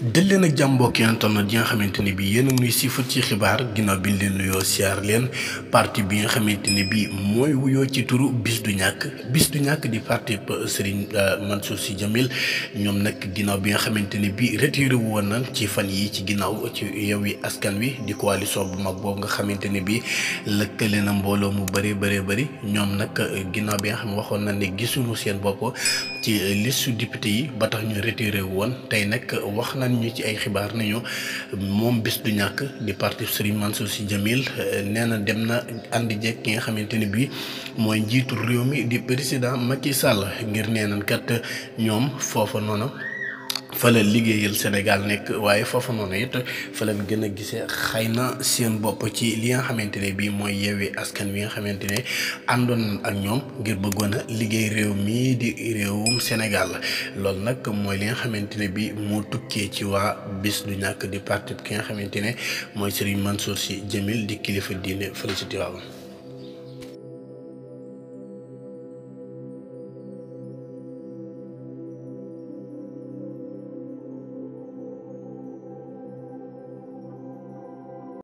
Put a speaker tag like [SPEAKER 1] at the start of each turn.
[SPEAKER 1] dël leen ak jàmm mbokki internet yi nga xamante ne bii yéen a nuy siifut ci xibaar ginnaaw bi leen nuyoo siyaar leen parti bi nga xamante ne bii mooy wuyoo ci turu bis du ñàkk bis du ñàkk di parti Serigne euh, Mansour si Djamil ñoom nag ginnaaw bi nga xamante ne bii retiré wu woon na ci fan yi ci ginnaaw ci Yewwi Askan Wi di coalition bu mag boobu nga xamante ne bii lëkkale na mbooloo mu bëree bëree bëri ñoom nag euh, ginnaaw bi nga xam waxoon na ne gisuñu seen bopp ci liste député yi ba tax wu woon tey nag nañ ci ay xibaar ne moom bés du ñàkk di parti Serigne Mansour Sy Djamil euh, nee na dem na ànd jeeg ki nga xamante ne bii mooy njiitu réew mi di président Macky Sall ngir nee nañ kat ñoom foofa noonu. fa la liggéeyal Sénégal nekk waaye foofa noonu it fa lañ gën a gisee xëy na seen bopp ci li nga xamante ne bii mooy yeewee askan wi nga xamante ne àndoon ak ñoom ngir bëggoon a liggéey réew mii di réewum Sénégal loolu nag mooy li nga xamante ne bii moo tukkee ci waa bis du ñàkk di parti ki nga xamante ne mooy Serigne Mansour Sy jëmil di kilifa diine fële ci Tivaouane